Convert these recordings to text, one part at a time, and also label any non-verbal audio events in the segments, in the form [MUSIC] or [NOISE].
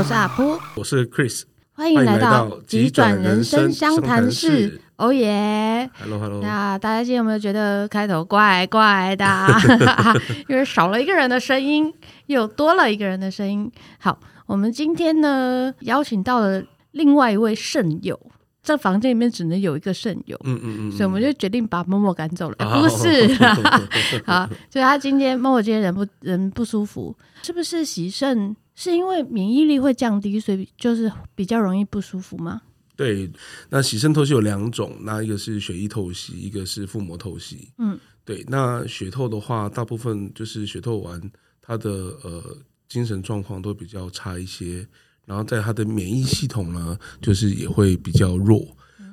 我是阿璞，我是 Chris，歡迎來到急轉人生相談室。哦耶！Hello, hello。那大家今天有沒有覺得開頭怪怪的？ [LAUGHS] [LAUGHS] 因為少了一個人的聲音，又多了一個人的聲音。好，我們今天呢邀請到了另外一位腎友，在房間裡面只能有一個腎友。嗯嗯嗯，所以我們就決定把默默趕走了。啊、不是， [LAUGHS] [LAUGHS] 好，所以他今天默默今天人不人不舒服，是不是洗腎？是因為免疫力會降低，所以就是比較容易不舒服嗎？對，那洗腎透析有兩種，那一個是血液透析，一個是腹膜透析。嗯，對，那血透的話，大部分就是血透完，他的呃精神狀況都比較差一些，然後在他的免疫系統呢，就是也會比較弱。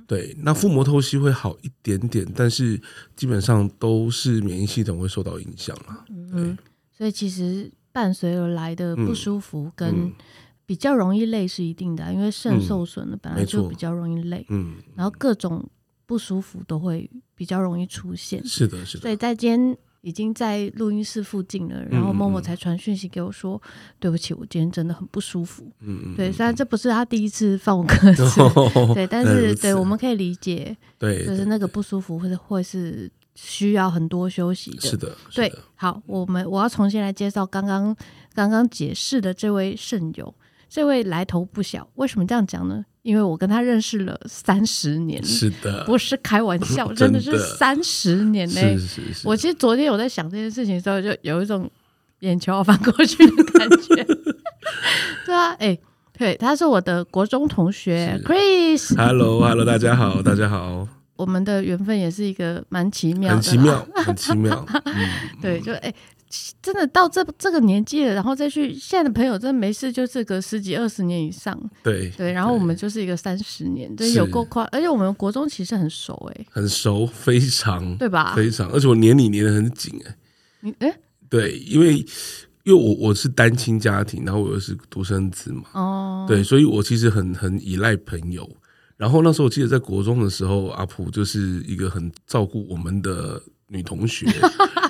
對，那腹膜透析會好一點點，但是基本上都是免疫系統會受到影響了。嗯，所以其實。伴隨而來的不舒服跟比較容易累是一定的、啊嗯嗯，因為腎受損了本來就比較容易累，嗯，嗯，然後各種不舒服都會比較容易出現。是的，是的。所以在今天已經在錄音室附近了，然後默默才傳訊息給我說、嗯：“對不起，我今天真的很不舒服。嗯”嗯，對。雖然這不是他第一次放我鴿子、哦，對，但是對我們可以理解，對，就是那個不舒服或者會是。對對對。需要很多休息的，是的，是的對。好，我們我要重新來介紹剛剛剛剛解釋的這位腎友，這位來頭不小。為什麼這樣講呢？因為我跟他認識了三十年，是的，不是開玩笑， [LAUGHS] 真的是三十年嘞。是，是是是，我其實昨天我在想這件事情的時候，就有一種眼球要翻過去的感覺。 [LAUGHS] [LAUGHS] 對啊，哎、欸，對，他是我的國中同學、啊、，Kris。Hello，Hello， [LAUGHS] hello, 大家好，大家好。我們的緣分也是一個蠻奇妙的，很奇妙， [LAUGHS] 很奇妙。嗯、對，就哎、欸，真的到這這個年紀了，然後再去現在的朋友，真的沒事，就是隔十幾二十年以上。對對，然後我們就是一個三十年，對就有夠快。而且我們國中其實很熟、欸，哎，很熟，非常對吧？非常，而且我黏你黏得很緊，哎，你哎、欸，對，因為因為我我是單親家庭，然後我又是獨生子嘛，哦，對，所以我其實很很依賴朋友。然後那時候我記得在國中的時候，阿璞就是一個很照顧我們的女同學，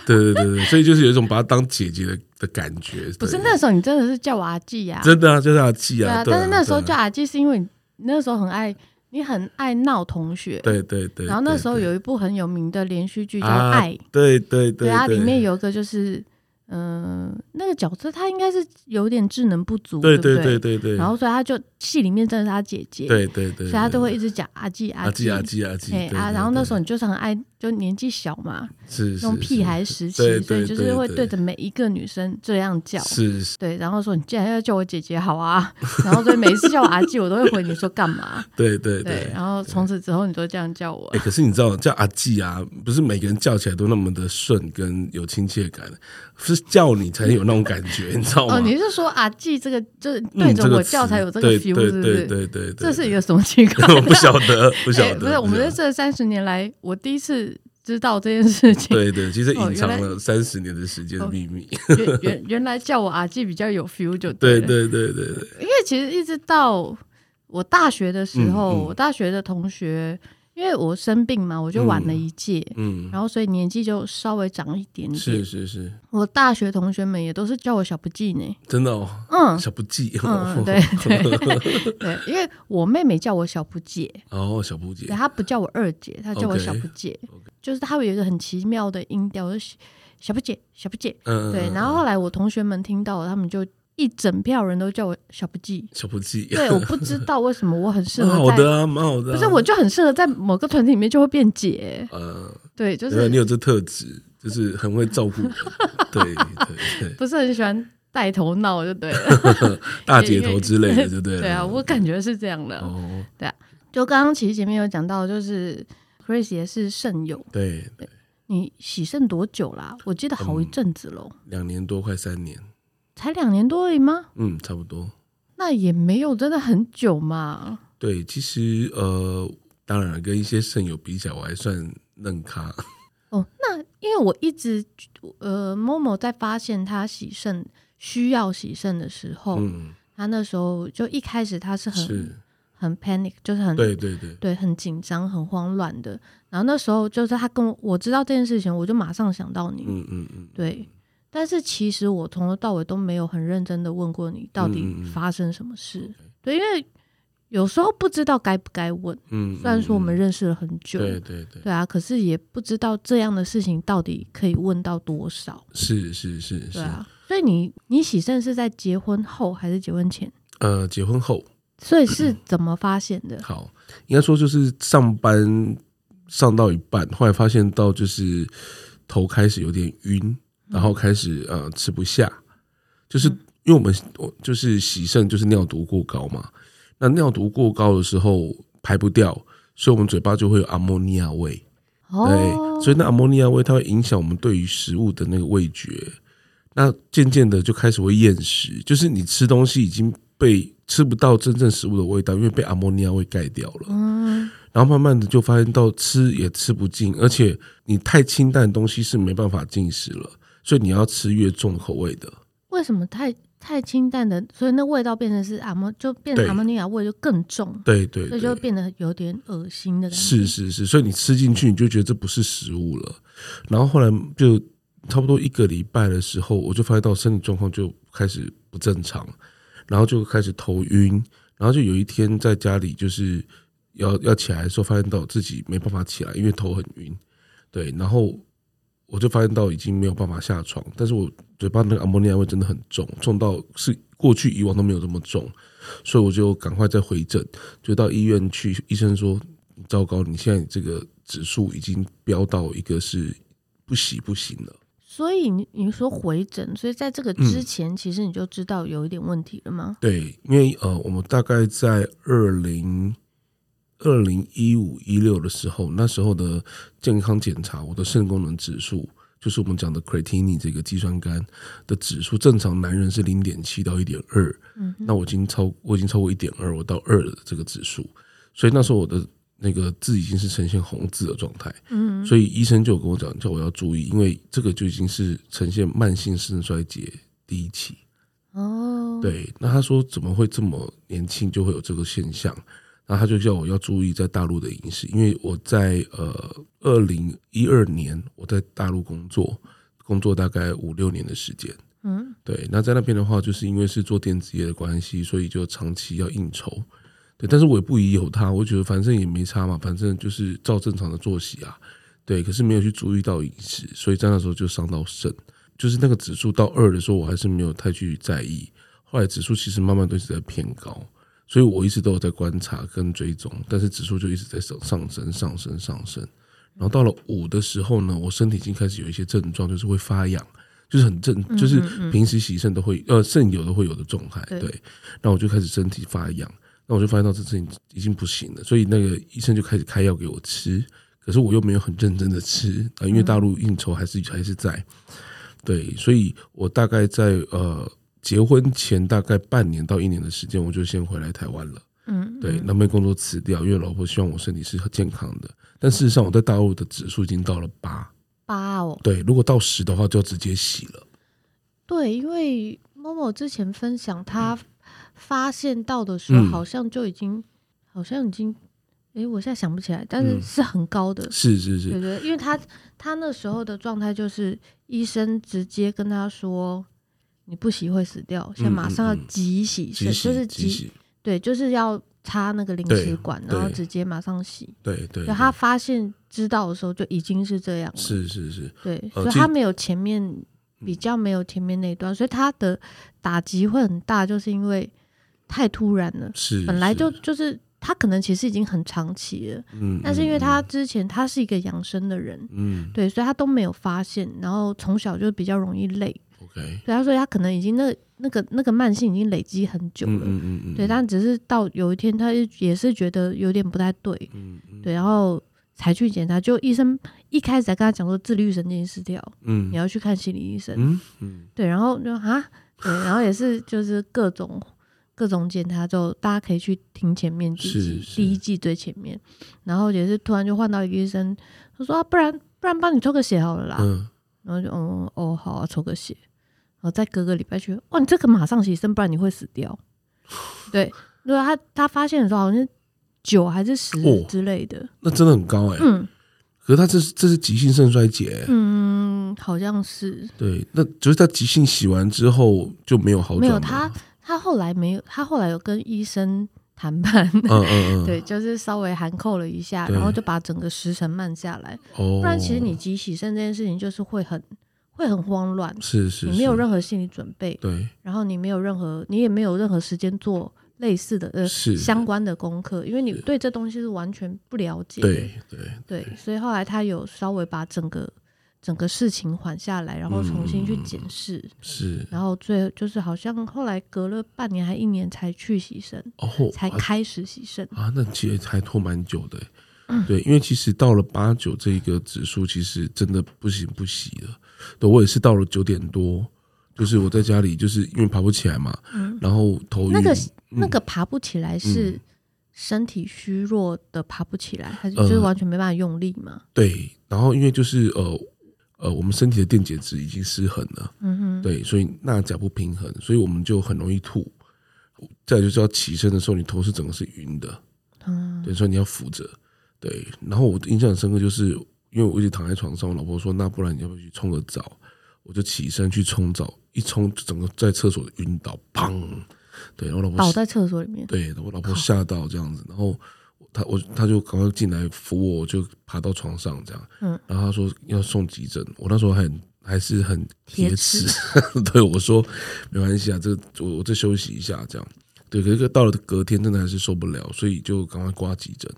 對 [LAUGHS] 對對對，所以就是有一種把她當姐姐的的感覺。不是那時候你真的是叫我阿季呀、啊？真的啊，就叫、是、阿季啊。對啊,對啊，但是那時候叫阿季是因為你那時候很愛你，很愛鬧同學。對對對,對。然後那時候有一部很有名的連續劇叫《愛》，啊、對,對,對,對對對啊，裡面有一個就是。嗯、呃，那個角色他應該是有點智能不足，對不對？然後所以他就戲裡面真的是他姐姐，對對對，對，所以他都會一直講阿吉阿吉阿吉阿吉，對，對，對，對，對，對啊。然後那時候你就是很愛。就年紀小嘛，是那種屁孩時期是、是，對對對對，所以就是會對着每一個女生這樣叫，是、是，對，然後說你竟然要叫我姐姐，好啊， [LAUGHS] 然後所以每次叫我阿紀，我都會回你說幹嘛？ [LAUGHS] 對對對、對、對，然後從此之後你都這樣叫我，啊欸。可是你知道，叫阿紀啊，不是每個人叫起來都那麼的順跟有親切感的，不是叫你才有那種感覺， [LAUGHS] 你知道嗎？哦，你是說阿紀這個就是對着我叫才有這個 feel，是不是？對對對，這是一個什麼情況？我 [LAUGHS] 不曉得，不曉得，欸、不是不，我們這三十年來，我第一次。知道這件事情，對對，其實隱藏了三十年的時間秘密，哦，原來，哦，原，原，原來叫我阿記比較有 feel 就對。對對對對對，對，因為其實一直到我大學的時候，嗯嗯，我大學的同學。因為我生病嘛，我就晚了一屆，嗯，嗯然後所以年紀就稍微長了一點點。是是是，我大學同學們也都是叫我小不計呢。真的哦，嗯，小不計、哦，嗯，對對， [LAUGHS] 對，因為我妹妹叫我小不姐，哦，小不姐，她不叫我二姐，她叫我小不姐，okay, okay. 就是她有一個很奇妙的音調，就是小不姐，小不姐、嗯，對，然後後來我同學們聽到，他、嗯、們就。一整票人都叫我小不記，小不濟。對，我不知道為什麼，我很適合，好的，蠻好的，啊蠻好的啊。不是，我就很適合在某個團體裡面就會變姐。呃、嗯，對，就是。你有這特質，就是很會照顧 [LAUGHS] 對。對對對。不是很喜歡帶頭鬧，就對了。 [LAUGHS] 大姐頭之類的就對了， [LAUGHS] 對不對？啊，我感覺是這樣的。哦，對啊。就剛剛其實前面有講到，就是 Chris 也是腎友。對對，對。你洗腎多久啦？我記得好一陣子嘍、嗯。兩年多，快三年。才兩年多而已嗎？嗯，差不多。那也沒有真的很久嘛。對，其實呃，當然跟一些腎友比較，我還算嫩咖。哦，那因為我一直呃某某在發現他洗腎需要洗腎的時候，嗯，他那時候就一開始他是很是很 panic，就是很對對對對很緊張、很慌亂的。然後那時候就是他跟我，我知道這件事情，我就馬上想到你，嗯嗯嗯，對。但是其實我從頭到尾都沒有很認真的問過你到底發生什麼事，嗯、對，對，因為有時候不知道該不該問，嗯、雖然說我們認識了很久，嗯嗯、對對對，對啊，可是也不知道這樣的事情到底可以問到多少，是是是，對啊，所以你你洗腎是在結婚後還是結婚前？呃，結婚後，所以是怎麼發現的？ [COUGHS] 好，應該說就是上班上到一半，嗯，後來發現到就是頭開始有點暈。然後開始呃吃不下，就是因為我們就是洗腎就是尿毒過高嘛，那尿毒過高的時候排不掉，所以我們嘴巴就會有阿莫尼亞味，對，哦、所以那阿莫尼亞味它會影響我們對於食物的那個味覺，那漸漸的就開始會厭食，就是你吃東西已經被吃不到真正食物的味道，因為被阿莫尼亞味蓋掉了，嗯、哦，然後慢慢的就發現到吃也吃不進，而且你太清淡的東西是沒辦法進食了。所以你要吃越重口味的。為什麼太太清淡的？所以那味道變成是阿摩就變成阿摩尼亞味，就更重。對對，對對，所以就變得有點噁心的感覺。是是是，所以你吃進去，你就覺得這不是食物了。然後後來就差不多一個禮拜的時候，我就發現到我身體狀況就開始不正常，然後就開始頭暈，然後就有一天在家裡就是要、嗯、要起來的時候，發現到自己沒辦法起來，因為頭很暈。對，然後。我就發現到已經沒有辦法下床，但是我嘴巴那個阿摩尼亞味真的很重，重到是過去以往都沒有這麼重，所以我就趕快再回診，就到醫院去，醫生說糟糕，你現在這個指數已經飆到一個是不洗不行了。所以你你說回診，所以在這個之前，嗯，其實你就知道有一點問題了嗎？對，因為呃，我們大概在二零。二零一五一六的時候，那時候的健康檢查，我的腎功能指數就是我們講的 creatinine 這個肌酸酐的指數，正常男人是零點七到一點二，那我已經超，我已經超過一點二，我到二的這個指數，所以那時候我的那個字已經是呈現紅字的狀態、嗯，所以醫生就跟我講，叫我要注意，因為這個就已經是呈現慢性腎衰竭第一期，哦，對，那他說怎麼會這麼年輕就會有這個現象？然後他就叫我要注意在大陸的飲食，因為我在呃二零一二年我在大陸工作，工作大概五六年的時間，嗯，對。那在那邊的話，就是因為是做電子業的關係，所以就長期要應酬，對。但是我也不疑有他，我覺得反正也沒差嘛，反正就是照正常的作息啊，對。可是沒有去注意到飲食，所以在那時候就傷到腎，就是那個指數到二的時候，我還是沒有太去在意。後來指數其實慢慢都是在偏高。所以我一直都有在觀察跟追蹤，但是指數就一直在上升上升上升上升，然後到了五的時候呢，我身體已經開始有一些症狀，就是會發癢，就是很正，嗯、哼哼就是平時洗腎都會呃腎有的會有的重害對，對，然後我就開始身體發癢，那我就發現到這事情已經不行了，所以那個醫生就開始開藥給我吃，可是我又沒有很認真的吃啊、呃，因為大陸應酬還是還是在，對，所以我大概在呃。結婚前大概半年到一年的時間，我就先回來台灣了。嗯，對，那沒工作辭掉，因為老婆希望我身體是很健康的，但事實上我在大陸的指數已經到了八八哦。對，如果到十的話，就直接洗了。對，因為某某之前分享，他發現到的時候，好像就已經，嗯、好像已經，哎、欸，我現在想不起來，但是是很高的，嗯、是是是，對，因為他他那時候的狀態就是醫生直接跟他說。你不洗會死掉，現在馬上要急洗，嗯嗯嗯、就是急，急洗，急洗，對，就是要插那個臨時管，然後直接馬上洗。對對，對他發現知道的時候就已經是這樣了。是是是，對，所以他沒有前面比較沒有前面那一段，嗯，所以他的打擊會很大，就是因為太突然了。是，是本來就就是他可能其實已經很長期了，嗯，但是因為他之前他是一個養生的人，嗯，對，所以他都沒有發現，然後從小就比較容易累。Okay. 對，他說他可能已經那那個那個慢性已經累積很久了。嗯嗯嗯、對，但只是到有一天，他也是覺得有點不太對，嗯嗯、對，然後才去檢查。就醫生一開始還跟他講說，自律神經失調、嗯，你要去看心理醫生。嗯嗯、對，然後就哈，對，然後也是就是各種 [LAUGHS] 各種檢查之後，就大家可以去聽前面第一季第一季最前面，然後也是突然就換到一個醫生，他說，說、啊、不然不然幫你抽個血好了啦。嗯、然後就、嗯、哦好啊，抽個血。再隔個禮拜去，哇！你這個馬上洗腎，不然你會死掉。對，如果他他發現的時候，好像九還是十之類的。哦，那真的很高哎、欸。嗯，可是他這是這是急性腎衰竭欸。嗯，好像是。對，那就是他急性洗完之後就沒有好轉。沒有他，他後來沒有，他後來有跟醫生談判。嗯嗯嗯。對，就是稍微含扣了一下，然後就把整個時辰慢下來。不然，其實你急洗腎這件事情，就是會很。哦會很慌亂，是是，是，你沒有任何心理準備，對，然後你沒有任何，你也沒有任何時間做類似的呃相關的功課，因為你對這東西是完全不了解，對對對，對，所以後來他有稍微把整個整個事情緩下來，然後重新去檢視、嗯，是，然後最後就是好像後來隔了半年還一年才去洗腎，哦，才開始洗腎、哦、啊，那其實還拖蠻久的、嗯，對，因為其實到了八九這一個指數，其實真的不行不洗了。對，我也是到了九點多，就是我在家裡，就是因為爬不起來嘛，嗯、然後頭暈。那個、嗯、那個爬不起來是身體虛弱的爬不起來，嗯、還是就是完全沒辦法用力嘛、嗯。對，然後因為就是呃呃，我們身體的電解質已經失衡了，嗯哼，對，所以那腳不平衡，所以我們就很容易吐。再就是要起身的時候，你頭是整個是暈的，嗯，對，所以你要扶着。對，然後我的印象很深刻就是。因為我一直躺在床上，我老婆說：“那不然你要不要去沖個澡？”我就起身去沖澡，一沖整個在廁所暈倒，砰！對，我老婆倒在廁所裡面，對我老婆嚇到這樣子。然後她我她就趕快進來扶我，我就爬到床上這樣。嗯，然後她說要送急診，嗯、我那時候還還是很鐵齒，鐵齒 [LAUGHS] 對我說：“沒關係啊，這我我再休息一下這樣。”對，可是到了隔天，真的還是受不了，所以就趕快掛急診。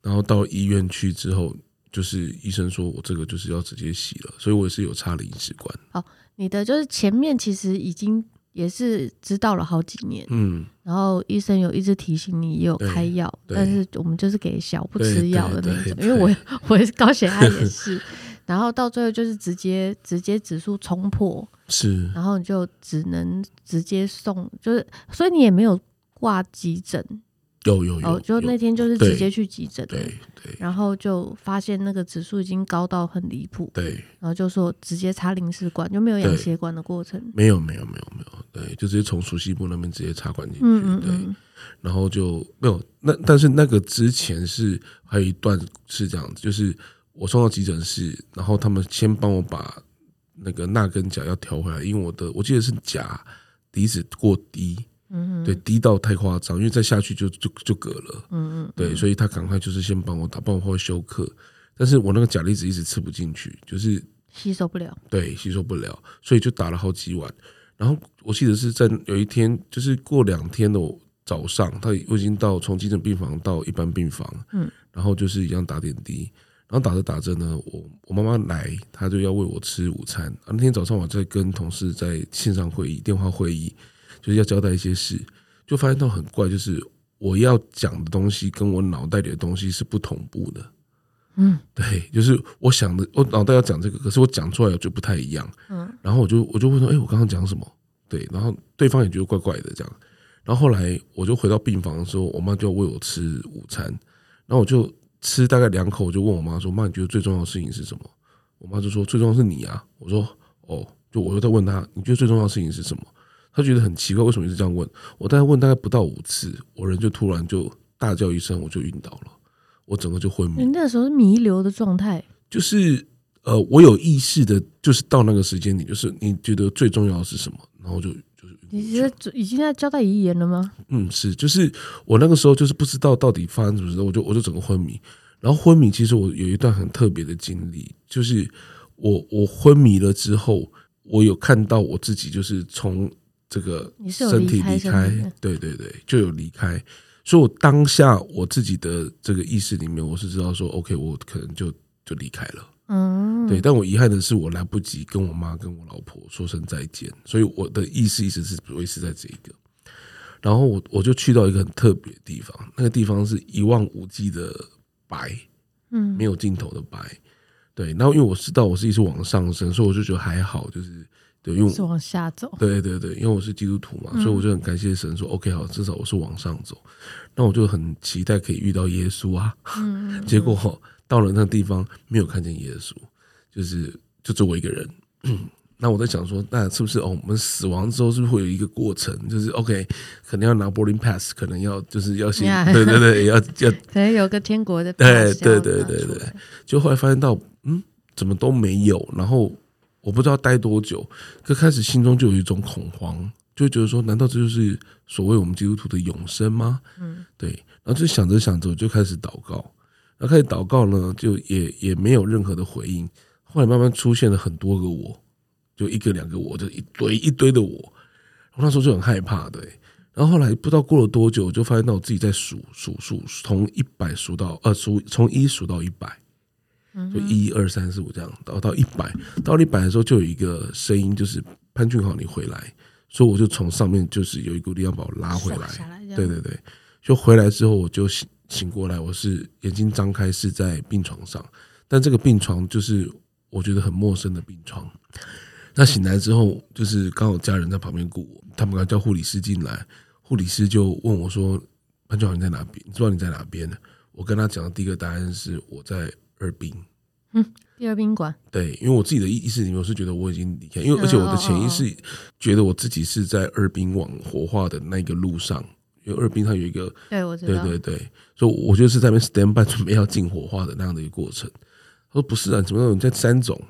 然後到醫院去之後。就是醫生說我這個就是要直接洗了，所以我也是有插臨時管。好，你的就是前面其實已經也是知道了好幾年，嗯，然後醫生有一直提醒你，也有開藥，但是我們就是給小不吃藥的那種，因為我我也是高血壓也是， [LAUGHS] 然後到最後就是直接直接指數衝破，是，然後你就只能直接送，就是所以你也沒有掛急診。有有有、哦，就那天就是直接去急診，對對，對，然後就發現那個指數已經高到很離譜，對，然後就說直接插臨時管，就沒有養血管的過程，沒有沒有沒有沒有，對，就直接從鼠蹊部那邊直接插管進去，對，嗯，嗯，嗯，然後就沒有，那但是那個之前是還有一段是這樣子，就是我送到急診室，然後他們先幫我把那個鈉跟鉀要調回來，因為我的我記得是鉀離子過低。嗯、對，低到太誇張，因為再下去就就就嗝了。嗯嗯，對，所以他趕快就是先幫我打，幫我化休克。但是我那個鉀離子一直吃不進去，就是吸收不了。對，吸收不了，所以就打了好幾碗。然後我記得是在有一天，就是過兩天的早上，他我已經到從急診病房到一般病房，嗯，然後就是一樣打點滴。然後打着打着呢，我我媽媽來，她就要餵我吃午餐。然後那天早上我在跟同事在線上會議、電話會議。就是要交代一些事，就發現到很怪，就是我要講的東西跟我腦袋裡的東西是不同步的。嗯，對，就是我想的，我腦袋要講這個，可是我講出來就不太一樣。嗯，然後我就我就問說，哎、欸，我剛剛講什麼？對，然後對方也覺得怪怪的這樣。然後後來我就回到病房的時候，我媽就要餵我吃午餐，然後我就吃大概兩口，我就問我媽說，媽，你覺得最重要的事情是什麼？我媽就說，最重要是你啊。我說，哦，就我就在問他，你覺得最重要的事情是什麼？他覺得很奇怪，為什麼一直這樣問？我大概問大概不到五次，我人就突然就大叫一聲，我就暈倒了，我整個就昏迷。你那時候是彌留的狀態，就是呃，我有意識的，就是到那個時間點，你就是你覺得最重要的是什麼，然後就就是。你覺得已經在交代遺言了嗎？嗯，是，就是我那個時候就是不知道到底發生什麼事，我就我就整個昏迷。然後昏迷，其實我有一段很特別的經歷，就是我我昏迷了之後，我有看到我自己，就是從。這個身體離開，對對對，就有離開。所以，我當下我自己的這個意識裡面，我是知道說，OK，我可能就就離開了。嗯，對。但我遺憾的是，我來不及跟我媽跟我老婆說聲再見。所以，我的意識一直是維持在這一個。然後，我我就去到一個很特別的地方，那個地方是一望無際的白，嗯，沒有盡頭的白。對。然後，因為我知道我是一直往上升，所以我就覺得還好，就是。對，因為是往下走。對對對，因為我是基督徒嘛，嗯、所以我就很感謝神說，說、嗯、OK 好，至少我是往上走。那我就很期待可以遇到耶穌啊。嗯嗯嗯。結果到了那個地方，沒有看見耶穌，就是就我一個人、嗯。那我在想說，那是不是哦，我們死亡之後是不是會有一個過程？就是 OK，可能要拿 boarding pass，可能要就是要先、嗯、對對對， [LAUGHS] 要要可能有個天國的對。對對對對對， [LAUGHS] 就後來發現到，嗯，怎麼都沒有，然後。我不知道待多久，就開始心中就有一種恐慌，就覺得說，難道這就是所謂我們基督徒的永生嗎？嗯，對。然後就想着想着，我就開始禱告。然後開始禱告呢，就也也沒有任何的回應。後來慢慢出現了很多個我，就一個兩個我，就一堆一堆的我。我那時候就很害怕的。然後後來不知道過了多久，我就發現到我自己在數數數，從一百數到，二、啊、數從一數到一百。就一、二、三、四、五這樣，到到一百，到一百的時候就有一個聲音，就是潘俊豪，你回來，所以我就從上面就是有一股力量把我拉回來。下下來對對對，就回來之後我就醒醒過來，我是眼睛張開，是在病床上，但這個病床就是我覺得很陌生的病床。那醒來之後，就是剛好家人在旁邊顧我，他們剛叫護理師進來，護理師就問我說：“潘俊豪，你在哪邊？你知道你在哪邊？”我跟他講的第一個答案是我在。二殯，嗯，第二殯館。對，因為我自己的意意思裡面我是覺得我已經離開，因為而且我的潛意識覺得我自己是在二殯往火化的那個路上，因為二殯它有一個，對，我知道，對對對，所以我就是在那邊 stand by 準備要進火化的那樣的一個過程。他說不是啊，你怎麼怎麼在三種？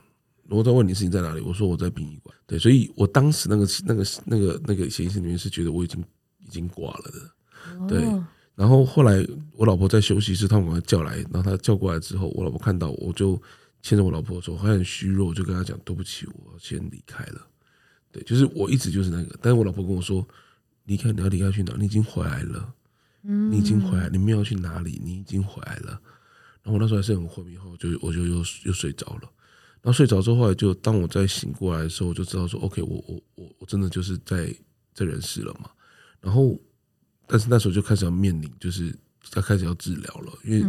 我在問你事情在哪裡？我說我在殯儀館。對，所以我當時那個那個那個那個潛意識裡面是覺得我已經已經掛了的，哦、對。然後後來，我老婆在休息室，他們把我叫來，然後他叫過來之後，我老婆看到我就牽着我老婆說，還很虛弱，我就跟他講對不起，我先離開了。對，就是我一直就是那個，但是我老婆跟我說，離開你要離開去哪？你已經回來了，嗯，你已經回來，你沒有去哪裡，你已經回來了、嗯。然後我那時候還是很昏迷，後就我就又又睡着了。然後睡着之後，後來就當我再醒過來的時候，我就知道說，OK，我我我我真的就是在在人世了嘛。然後。但是那時候就開始要面臨，就是他開始要治療了，因為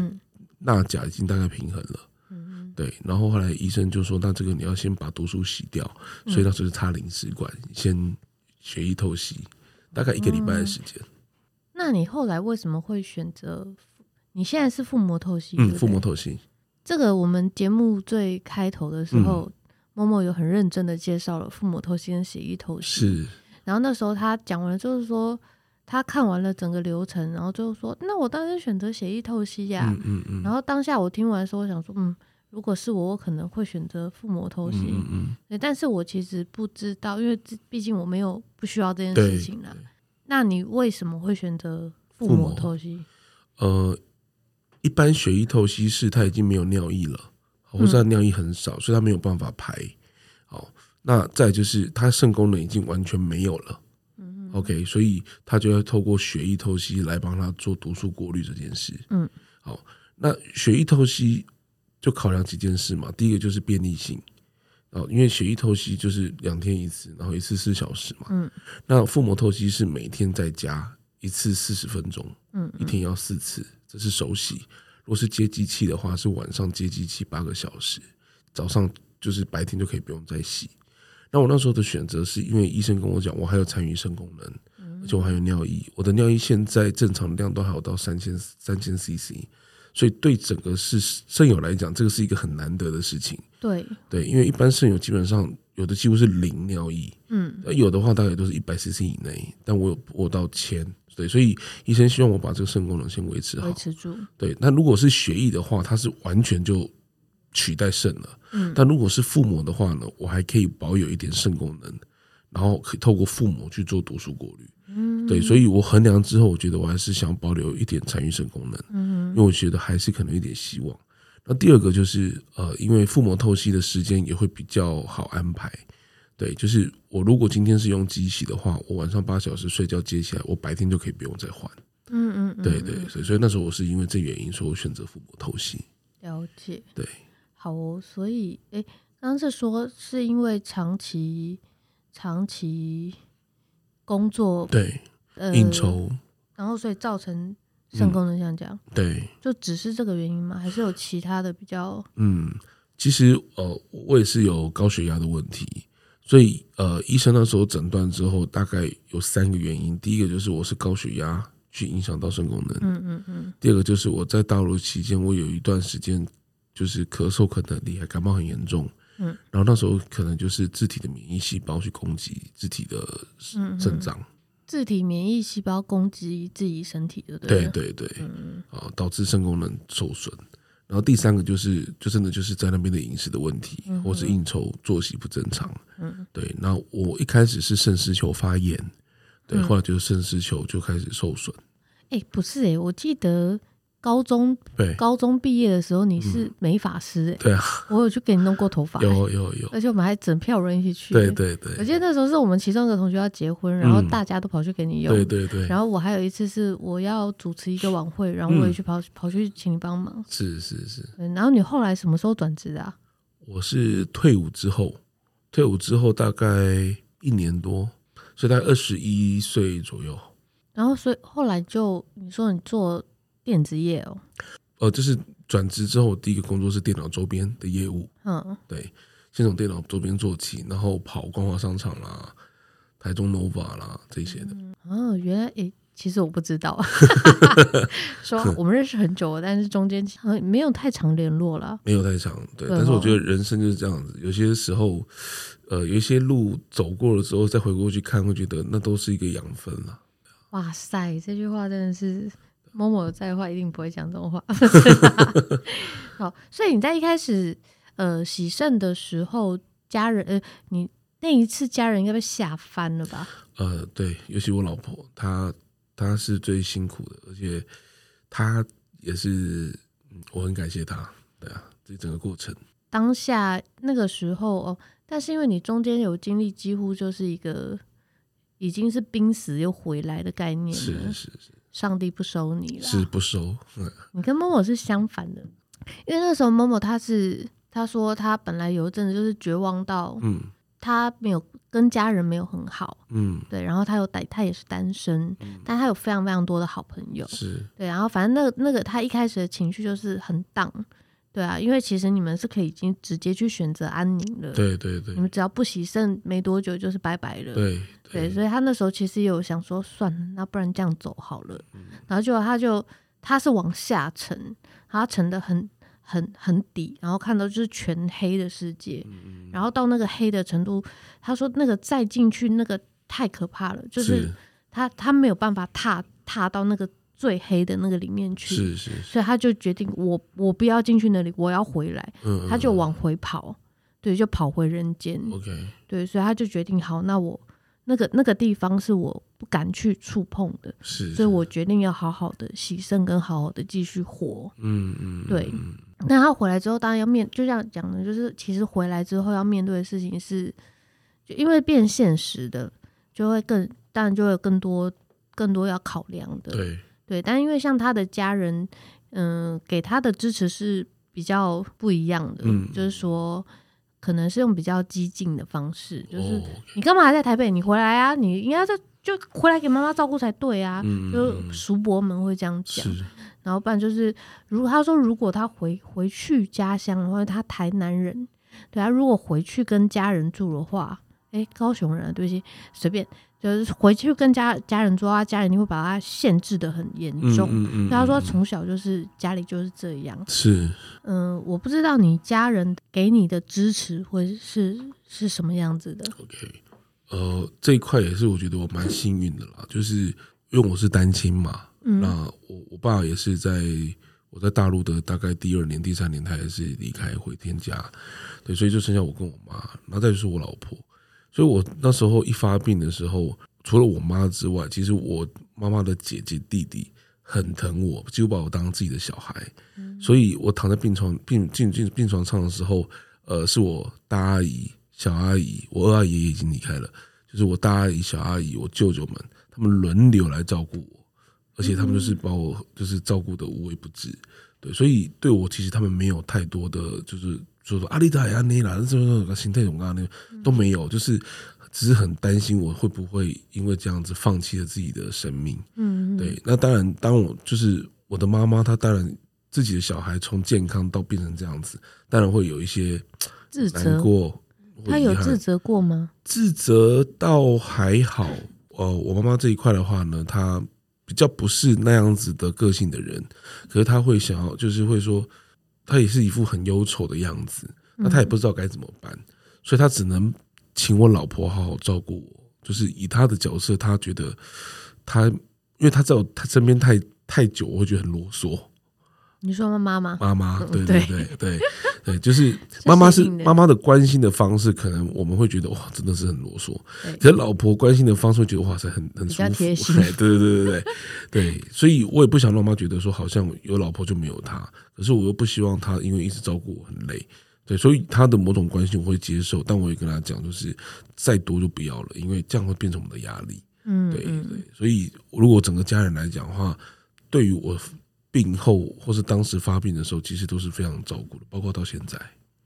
鈉鉀已經大概平衡了。嗯嗯。對，然後後來醫生就說：“那這個你要先把毒素洗掉。嗯”所以當時候是插臨時管，先血液透析，大概一個禮拜的時間，嗯。那你後來為什麼會選擇？你現在是腹膜透析，對對嗯，腹膜透析。這個我們節目最開頭的時候，默、嗯、默有很認真的介紹了腹膜透析跟血液透析。是。然後那時候他講完了，就是說。他看完了整個流程，然後最後說：“那我當時選擇血液透析呀、啊。”嗯嗯，嗯。然後當下我聽完說：“我想說，嗯，如果是我，我可能會選擇腹膜透析。嗯”嗯嗯。但是我其實不知道，因為畢竟我沒有不需要這件事情了。那你為什麼會選擇腹膜透析？呃，一般血液透析是他已經沒有尿液了，或者他尿液很少，所以他沒有辦法排。好，那再就是他腎功能已經完全沒有了。OK，所以他就要透過血液透析來幫他做毒素過濾這件事。嗯，好，那血液透析就考量幾件事嘛，第一個就是便利性。哦，因為血液透析就是兩天一次，然後一次四小時嘛。嗯，那腹膜透析是每天在家一次四十分鐘，嗯，嗯，一天要四次，這是手洗。如果是接機器的話，是晚上接機器八個小時，早上就是白天就可以不用再洗。那我那時候的選擇是因為醫生跟我講，我還有殘餘腎功能、嗯，而且我還有尿液。我的尿液現在正常的量都還有到三千三千 CC，所以對整個是腎友來講，這個是一個很難得的事情。對對，因為一般腎友基本上有的幾乎是零尿液，嗯，有的話大概都是一百 CC 以內，但我有我到千，對，所以醫生希望我把這個腎功能先維持好，維持住。對，那如果是血液的話，它是完全就。取代腎了，但如果是腹膜的話呢，我還可以保有一點腎功能，然後可以透過腹膜去做毒素過濾。對，所以我衡量之後，我覺得我還是想保留一點殘餘腎功能。因為我覺得還是可能有一點希望。那第二個就是，呃，因為腹膜透析的時間也會比較好安排。對，就是我如果今天是用機洗的話，我晚上八小時睡覺，接下來我白天就可以不用再換。嗯嗯，對對，所以所以那時候我是因為這原因，所以我選擇腹膜透析。了解，對。好哦，所以哎，剛剛是說是因為長期、長期工作對應酬、呃，然後所以造成腎功能下降、嗯。對，就只是這個原因嗎？還是有其他的比較？嗯，其實呃，我也是有高血壓的問題，所以呃，醫生那時候診斷之後，大概有三個原因。第一個就是我是高血壓去影響到腎功能，嗯嗯嗯。第二個就是我在大陸期間，我有一段時間。就是咳嗽咳得厲害，感冒很嚴重。嗯，然後那時候可能就是自體的免疫細胞去攻擊自體的腎臟、嗯，自體免疫細胞攻擊自己身體的，對不對？對對，對、嗯、啊，導致腎功能受損。然後第三個就是，就真的就是在那邊的飲食的問題，嗯、或者應酬作息不正常。嗯，對。那我一開始是腎絲球發炎，對、嗯，後來就是腎絲球就開始受損。哎、欸，不是哎、欸，我記得。高中高中畢業的時候你是美髮師、欸嗯、對啊，我有去給你弄過頭髮、欸，有有有，而且我們還整票人一起去，對對對。而且那時候是我們其中一個同學要結婚、嗯，然後大家都跑去給你用，對對對。然後我還有一次是我要主持一個晚會，嗯、然後我也去跑、嗯、跑去請你幫忙，是是是。然後你後來什麼時候轉職的？啊？我是退伍之後，退伍之後大概一年多，所以大概二十一歲左右。然後所以後來就你說你做。電子業哦、呃，就是轉職之後第一個工作是電腦週邊的業務。嗯，對，先從電腦週邊做起，然後跑光華商場啦，台中 Nova 啦這些的。嗯。哦，原來誒，其實我不知道。 [LAUGHS] [LAUGHS] [LAUGHS] 說我們認識很久了， [LAUGHS] 但是中間好像沒有太長聯絡了，沒有太長。對，對，但是我覺得人生就是這樣子，有些時候，呃，有一些路走過了之後，再回過去看，會覺得那都是一個養分了。哇塞，這句話真的是。某某在的話，一定不會講這種話。 [LAUGHS] 好，所以你在一開始呃洗腎的時候，家人呃，你那一次家人應該被嚇翻了吧？呃，對，尤其我老婆，她她是最辛苦的，而且她也是，我很感謝她。對啊，這整個過程，當下那個時候哦，但是因為你中間有經歷，幾乎就是一個已經是瀕死又回來的概念。是是是，是。上帝不收你了，是不收。嗯，你跟 Momo 是相反的，因為那時候 Momo 他是他說他本來有一陣子就是絕望到，嗯，他沒有跟家人沒有很好，嗯，對，然後他有帶，他也是單身、嗯，但他有非常非常多的好朋友，是對，然後反正那那個他一開始的情緒就是很 down，對啊，因為其實你們是可以已經直接去選擇安寧了，對對對，你們只要不洗腎沒多久就是拜拜了，對。對，所以他那時候其實也有想說，算了，那不然這樣走好了。嗯、然後就他就他是往下沉，他沉的很很很底，然後看到就是全黑的世界。嗯、然後到那個黑的程度，他說那個再進去那個太可怕了，就是他是他沒有辦法踏踏到那個最黑的那個裡面去。是是，是，所以他就決定我，我我不要進去那裡，我要回來嗯嗯嗯。他就往回跑，對，就跑回人間。OK，對，所以他就決定，好，那我。那個那個地方是我不敢去觸碰的，是是，所以我決定要好好的洗腎跟好好的繼續活。嗯嗯，嗯，對。那他回來之後，當然要面，就像講的，就是其實回來之後要面對的事情是，就因為變現實的，就會更，當然就會有更多更多要考量的。對對，但因為像他的家人，嗯、呃，給他的支持是比較不一樣的，嗯嗯就是說。可能是用比較激進的方式，就是你幹嘛還在台北？你回來啊！你應該在就回來給媽媽照顧才對啊！嗯、就叔伯們會這樣講，然後不然就是如果他說如果他回回去家鄉的話，他台南人，對啊，如果回去跟家人住的話，誒，高雄人、啊、對不起，隨便。就是回去跟家家人說，家人就會把他限制的很嚴重。嗯嗯嗯嗯、他說從小就是家裡就是這樣。是，嗯、呃，我不知道你家人給你的支持會是是什麼樣子的。OK，呃，這一塊也是我覺得我蠻幸運的啦， [LAUGHS] 就是因為我是單親嘛，嗯、那我我爸也是在我在大陸的大概第二年、第三年，他也是離開回天家，對，所以就剩下我跟我媽，然後再就是我老婆。所以我那時候一發病的時候，除了我媽之外，其實我媽媽的姐姐弟弟很疼我，幾乎把我當自己的小孩，嗯。所以我躺在病床病進進病床上的時候，呃，是我大阿姨、小阿姨，我二阿姨也已經離開了，就是我大阿姨、小阿姨、我舅舅們，他們輪流來照顧我，而且他們就是把我就是照顧得無微不至。對，所以對我其實他們沒有太多的就是。說說啊、就說阿麗達也安尼啦，那這種心態，我剛剛那都沒有，就是只是很擔心我會不會因為這樣子放棄了自己的生命。嗯,嗯，對。那當然，當我就是我的媽媽，她當然自己的小孩從健康到變成這樣子，當然會有一些自責過。她有自責過嗎？自責倒還好。呃，我媽媽這一塊的話呢，她比較不是那樣子的個性的人，可是她會想要，就是會說。他也是一副很憂愁的樣子，那、嗯、他也不知道該怎麼辦，所以他只能請我老婆好好照顧我，就是以他的角色，他覺得他因為他在我他身邊太太久，我會覺得很囉嗦。你說媽媽嗎？媽媽，對對對、嗯、對。對對，就是媽媽是媽媽的關心的方式，可能我們會覺得哇，真的是很囉嗦。可是老婆關心的方式，會覺得哇塞，是很很舒服貼心。對對對對，對，所以我也不想讓媽覺得說，好像有老婆就沒有她。可是我又不希望她因為一直照顧我很累。對，所以她的某種關心我會接受，但我也跟她講，就是再多就不要了，因為這樣會變成我們的壓力。對對。所以如果整個家人來講的話，對於我。病後或是當時發病的時候，其實都是非常照顧的，包括到現在。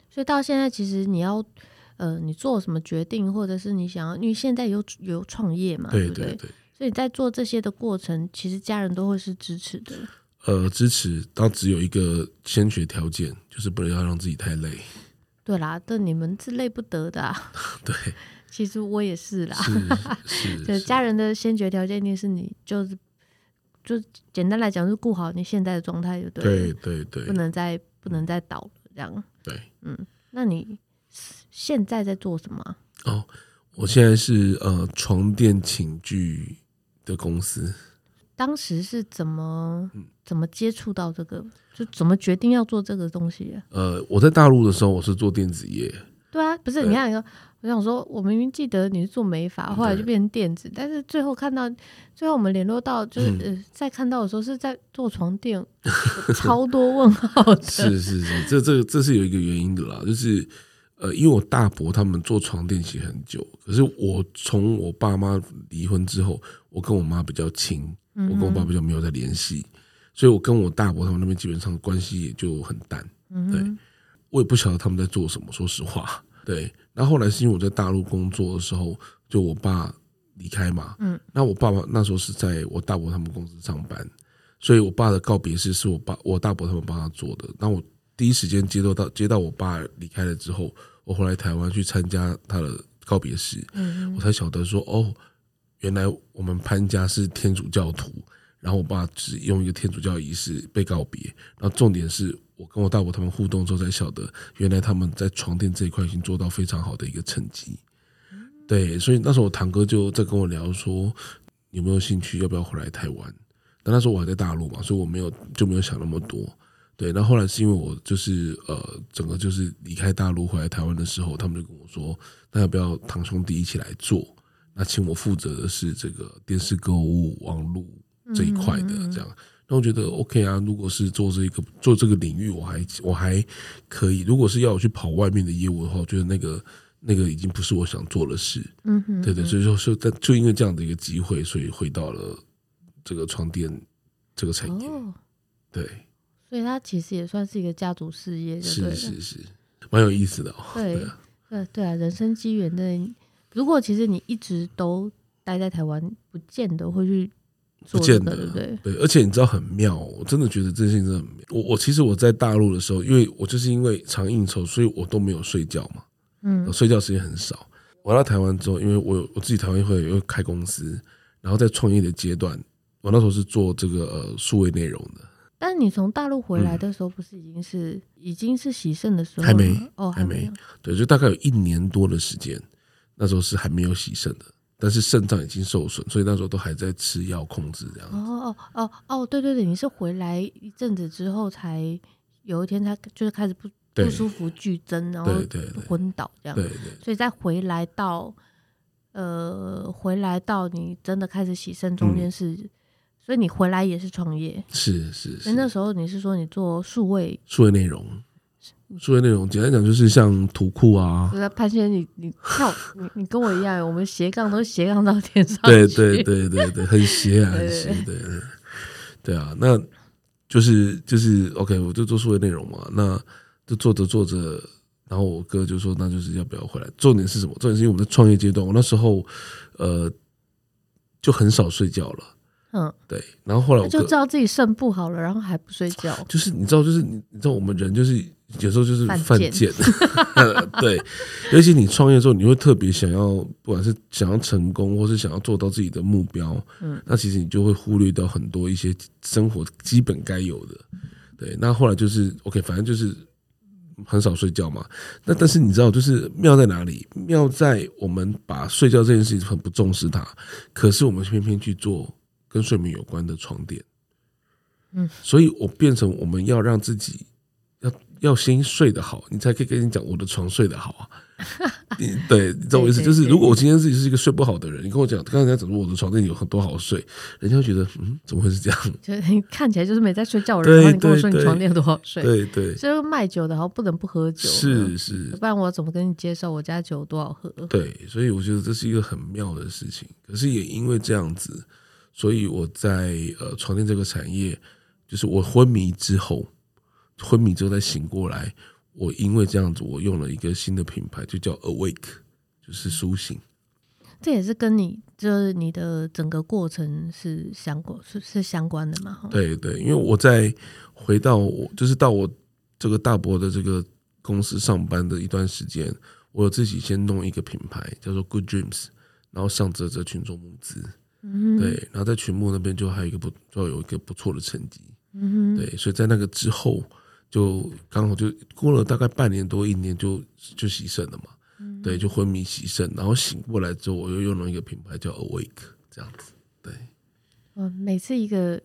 所以到現在，其實你要，呃，你做什麼決定，或者是你想要，因為現在有有創業嘛，對對對。對不對？對對對。所以，在做這些的過程，其實家人都會是支持的。呃，支持，但只有一個先決條件，就是不能要讓自己太累。對啦，但你們是累不得的啊。 [LAUGHS] 對，其實我也是啦。是是是是。 [LAUGHS] 就家人的先決條件一定是你，就是。就簡單來講，就顧好你現在的狀態就對，對對對，不能再不能再倒了這樣。對，嗯，那你現在在做什麼啊？哦，我現在是呃床墊寢具的公司。當時是怎麼怎麼接觸到這個？嗯，就怎麼決定要做這個東西啊？呃，我在大陸的時候，我是做電子業。對啊，不是你看一個。我想說，我明明記得你是做美髮，後來就變成墊子，但是最後看到，最後我們聯絡到，就是、嗯呃、再看到的時候是在做床墊， [LAUGHS] 超多問號。是是是，這這這是有一個原因的啦，就是呃，因為我大伯他們做床墊其實很久，可是我從我爸媽離婚之後，我跟我媽比較親、嗯，我跟我爸比較沒有在聯繫，所以我跟我大伯他們那邊基本上關係也就很淡。嗯，對我也不曉得他們在做什麼，說實話，對。然後後來是因為我在大陸工作的時候，就我爸離開嘛，嗯，那我爸爸那時候是在我大伯他們公司上班，所以我爸的告別式是我爸，我大伯他們幫他做的。那我第一時間接到到接到我爸離開了之後，我回來台灣去參加他的告別式，嗯，嗯，我才曉得說哦，原來我們潘家是天主教徒，然後我爸只用一個天主教儀式被告別，然後重點是。我跟我大伯他們互動之後，才曉得原來他們在床墊這一塊已經做到非常好的一個成績。對，所以那時候我堂哥就在跟我聊說，有沒有興趣要不要回來台灣？但那時候我還在大陸嘛，所以我沒有就沒有想那麼多。對，那後來是因為我就是呃，整個就是離開大陸回來台灣的時候，他們就跟我說，那要不要堂兄弟一起來做？那請我負責的是這個電視購物、網絡這一塊的這樣。嗯嗯。那我覺得 OK 啊，如果是做這個做這個領域，我還我還可以。如果是要我去跑外面的業務的話，我覺得那個那個已經不是我想做的事。嗯哼嗯，對對，所以說就但就因為這樣的一個機會，所以回到了這個床墊這個產業。哦。對，所以它其實也算是一個家族事業，是吧?是是是，蠻有意思的、哦。對 [LAUGHS] 對啊。對啊,對啊，人生機緣的。如果其實你一直都待在台灣，不見得會去。不見得，對，對，對，對，而且你知道很妙、哦，我真的覺得這件事情很妙。我我其實我在大陸的時候，因為我就是因為常應酬，所以我都沒有睡覺嘛，嗯，睡覺時間很少。我到台灣之後，因為我我自己台灣會又開公司，然後在創業的階段，我那時候是做這個、呃、數位內容的。但是你從大陸回來的時候，不是已經是、嗯、已經是喜盛的時候？還沒哦還沒，還沒。對，就大概有一年多的時間，那時候是還沒有喜盛的。但是腎臟已經受損，所以那時候都還在吃藥控制這樣。哦哦哦哦，對對對，你是回來一陣子之後才有一天，他就是開始不不舒服劇增，然後昏倒這樣子，對對對。所以再回來到，呃，回來到你真的開始洗腎中間是，嗯，所以你回來也是創業，是是是，那時候你是說你做數位數位內容。數學內容，簡單講就是像圖庫啊。對，潘先生，你你跳，你你跟我一樣， [LAUGHS] 我們斜槓都斜槓到天上。對對對對對，很斜啊， [LAUGHS] 對對對很斜。對，對啊，那就是就是 OK，我就做數學內容嘛。那就做着做着，然後我哥就說，那就是要不要回來？重點是什麼？重點是因為我們在創業階段，我那時候呃就很少睡覺了。嗯，對。然後後來我就知道自己腎不好了，然後還不睡覺。就是你知道，就是你你知道我們人就是。有時候就是犯賤， [LAUGHS] 對，尤其你創業的時候，你會特別想要，不管是想要成功，或是想要做到自己的目標，嗯，那其實你就會忽略到很多一些生活基本該有的，對。那後來就是 OK，反正就是很少睡覺嘛。那但是你知道，就是妙在哪裡？妙在我們把睡覺這件事情很不重視它，可是我們偏偏去做跟睡眠有關的床墊，嗯，所以我變成我們要讓自己。要要先睡得好，你才可以跟你講我的床睡得好啊。 [LAUGHS] 對，你懂我意思對對對對就是，如果我今天自己是一個睡不好的人，對對對對你跟我講，剛才人家講說我的床墊有很多好睡，人家會覺得，嗯，怎麼會是這樣？就是你看起來就是沒在睡覺對對對對，然後你跟我說你床墊有多好睡。對對，對，就是賣酒的好，然後不能不喝酒。是是，不然我怎麼跟你介紹我家酒有多好喝？對，所以我覺得這是一個很妙的事情。可是也因為這樣子，所以我在呃床墊這個產業，就是我昏迷之後。昏迷之後再醒過來，我因為這樣子，我用了一個新的品牌，就叫 Awake，就是蘇醒。這也是跟你就是、你的整個過程是相關是是相關的嘛？對對，因為我在回到我就是到我這個大伯的這個公司上班的一段時間，我有自己先弄一個品牌叫做 Good Dreams，然後上嘖嘖群眾募資，嗯哼。對，然後在群募那邊就還有一個不要有一個不錯的成績，嗯哼，對，所以在那個之後。就剛好就過了大概半年多一年就就洗腎了嘛，嗯、對，就昏迷洗腎，然後醒過來之後，我又用了一個品牌叫 Awake，這樣子，對。嗯，每次一個，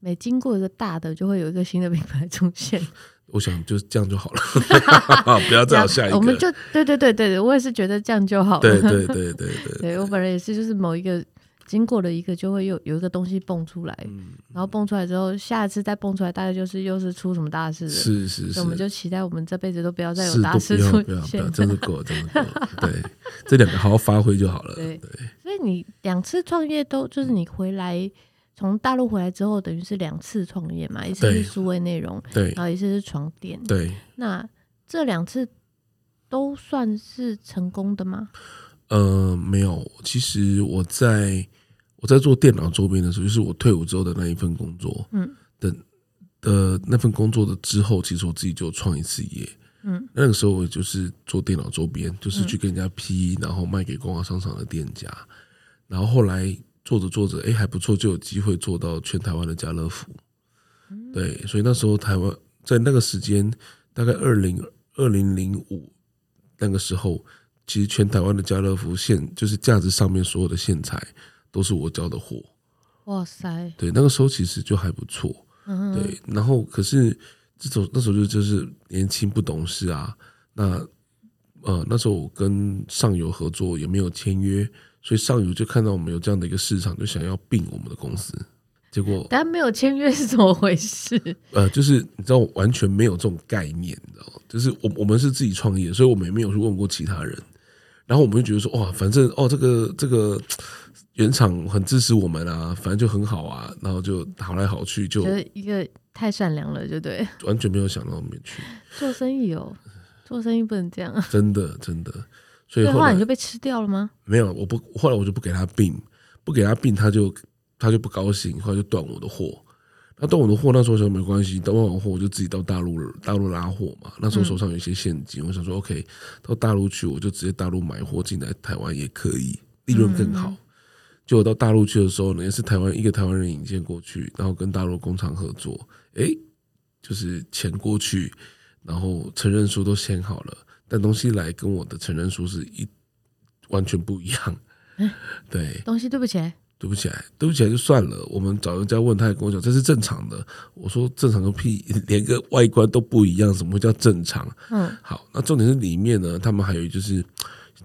每經過一個大的，就會有一個新的品牌出現。我想就這樣就好了， [LAUGHS] [LAUGHS] [LAUGHS] 不要再有下一次，啊、我們就對對對對對，我也是覺得這樣就好了，對對對對對，對，對，對。對我本來也是就是某一個。經過了一個，就會又有，有一個東西蹦出來、嗯，然後蹦出來之後，下一次再蹦出來，大概就是又是出什麼大事了。是是是，我們就期待我們這輩子都不要再有大事出現了。真的夠，真的夠。 [LAUGHS] 對，這兩個好好發揮就好了。對。對所以你兩次創業都就是你回來從、嗯、大陸回來之後，等於是兩次創業嘛，一次是數位內容，對，然後一次是床墊，對。那這兩次都算是成功的嗎？呃，沒有。其實我在。我在做電腦周邊的時候，就是我退伍之後的那一份工作的，嗯，等，呃，那份工作的之後，其實我自己就創一次業，嗯，那個時候我就是做電腦周邊，就是去跟人家批、嗯，然後賣給工逛商場的店家，然後後來做着做着，哎，還不錯，就有機會做到全台灣的家樂福，對，所以那時候台灣在那個時間，大概二零二零零五那個時候，其實全台灣的家樂福線就是架子上面所有的線材。都是我交的貨，哇塞！對，那個時候其實就還不錯，嗯、對。然後可是這，這種那時候就就是年輕不懂事啊。那呃，那時候我跟上游合作也沒有簽約，所以上游就看到我們有這樣的一個市場，就想要並我們的公司。結果，但沒有簽約是怎麼回事？呃，就是你知道，完全沒有這種概念的，就是我我們是自己創業，所以我們也沒有去問過其他人。然後我們就覺得說，哇，反正哦，這個這個。原廠很支持我們啦、啊，反正就很好啊，然後就好來好去，就覺得一個太善良了，就對，完全沒有想到我們去、嗯、 [LAUGHS] 做生意哦，做生意不能這樣、啊，真的真的，所以後來，後來你就被吃掉了嗎？沒有，我不後來我就不給他併，不給他併，他就他就不高興，後來就斷我的貨，他斷我的貨，那時候說沒關係，斷完我的貨我就自己到大陸大陸拉貨嘛，那時候手上有一些現金，嗯、我想說 OK 到大陸去，我就直接大陸買貨進來台灣也可以，利潤更好。嗯就我到大陸去的時候呢，也是台灣一個台灣人引薦過去，然後跟大陸工廠合作。哎、欸，就是錢過去，然後承認書都簽好了，但東西來跟我的承認書是一完全不一樣。對，東西對不起，對不起來，對不起來就算了。我們找人家問他，他也跟我講這是正常的。我說正常的屁，連個外觀都不一樣，怎麼會叫正常？嗯，好，那重點是裡面呢，他們還有就是，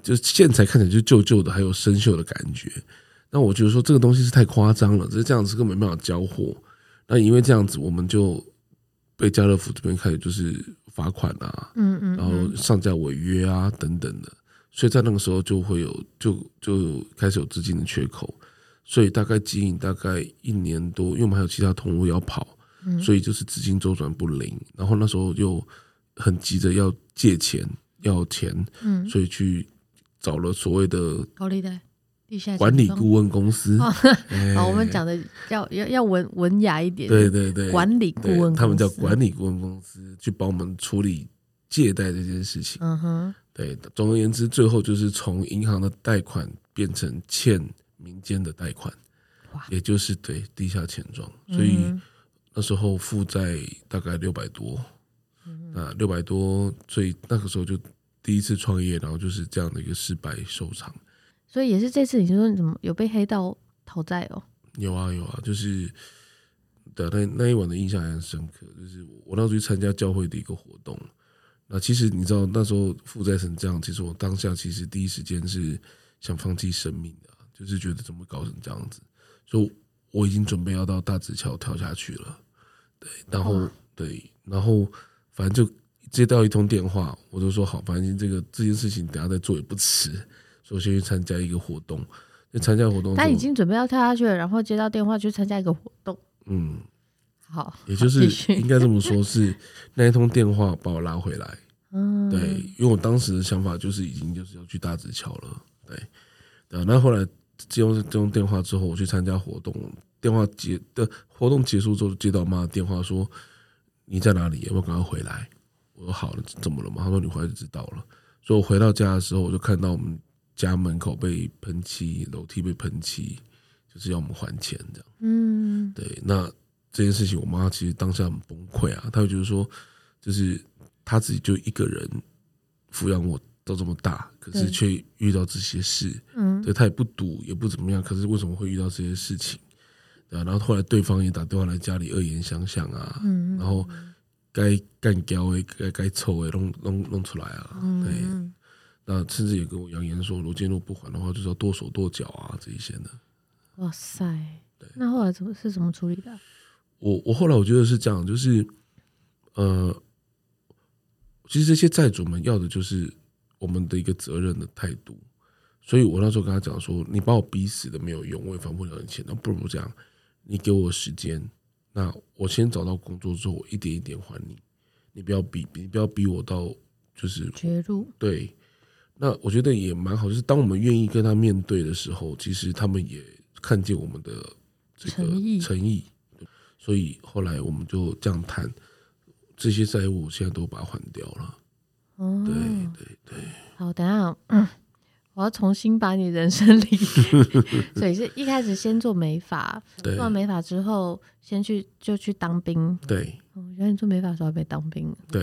就是線材看起來就舊舊的，還有生鏽的感覺。那我覺得說這個東西是太誇張了，這這樣子根本沒辦法交貨。那因為這樣子，我們就被家樂福這邊開始就是罰款啊，嗯,嗯,嗯，然後上架違約啊等等的，所以在那個時候就會有就就開始有資金的缺口。所以大概經營大概一年多，因為我們還有其他通路要跑，嗯，所以就是資金周轉不靈。然後那時候又很急着要借錢要錢，嗯，所以去找了所謂的高利貸。地下管理顧問公司，啊、哦哎哦，我們講的要要要文文雅一點，對對對，管理顧問公司，他們叫管理顧問公司，嗯，去幫我們處理借貸這件事情。嗯哼，對，總而言之，最後就是從銀行的貸款變成欠民間的貸款，也就是對地下錢莊。所以那時候負債大概六百多，啊、嗯，六百多，所以那個時候就第一次創業，然後就是這樣的一個失敗收場。所以也是這次，你說你怎麼有被黑道討債哦？有啊有啊，就是對，那那一晚的印象也很深刻。就是我當時去參加教會的一個活動，那其實你知道那時候負債成這樣，其實我當下其實第一時間是想放棄生命的，啊，就是覺得怎麼搞成這樣子，所以我已經準備要到大直橋跳下去了。對，然後對，然後反正就接到一通電話，我就說好，反正這個這件事情等下再做也不遲。首先去參加一個活動，去參加活動。他已經準備要跳下去了，然後接到電話去參加一個活動。嗯，好，好也就是應該這麼說是，是 [LAUGHS] 那一通電話把我拉回來。嗯，對，因為我當時的想法就是已經就是要去大直橋了。對，對，那後來接通接通電話之後，我去參加活動，電話結的活動結束之後，接到我媽的電話說：“你在哪裡？有沒有趕快回來？”我說：“好了，怎麼了嘛？”他說：“你回來就知道了。”所以我回到家的時候，我就看到我們。家門口被噴漆，樓梯被噴漆，就是要我們還錢這樣。嗯，對。那這件事情，我媽其實當下很崩潰啊，她就覺得說，就是她自己就一個人撫養我到這麼大，可是卻遇到這些事。對,、嗯、對她也不賭，也不怎麼樣。可是為什麼會遇到這些事情？對啊，然後後來對方也打電話來家裡惡言相向啊。嗯嗯，然後該幹膠的，該該臭的，弄弄出來啊、嗯嗯。對。那甚至也跟我揚言說，如果不還的話，就是要剁手剁腳啊，這一些的。哇塞！對，那後來怎麼是怎麼處理的？我我後來我覺得是這樣，就是呃，其實這些債主們要的就是我們的一個責任的態度，所以我那時候跟他講說，你把我逼死了沒有用，我也還不了你錢，那不如這樣，你給我時間，那我先找到工作之後，我一點一點還你，你不要逼，你不要逼我到就是絕路。對。那我覺得也蠻好，就是當我們願意跟他面對的時候，其實他們也看見我們的這個誠意誠意。所以後來我們就這樣談，這些債務現在都把它還掉了。哦，對對對。好，等下、嗯，我要重新把你人生理解， [LAUGHS] 所以是一開始先做美髮 [LAUGHS] 做完美髮之後，先去就去當兵。對，哦、原來你做美髮時候被當兵。對，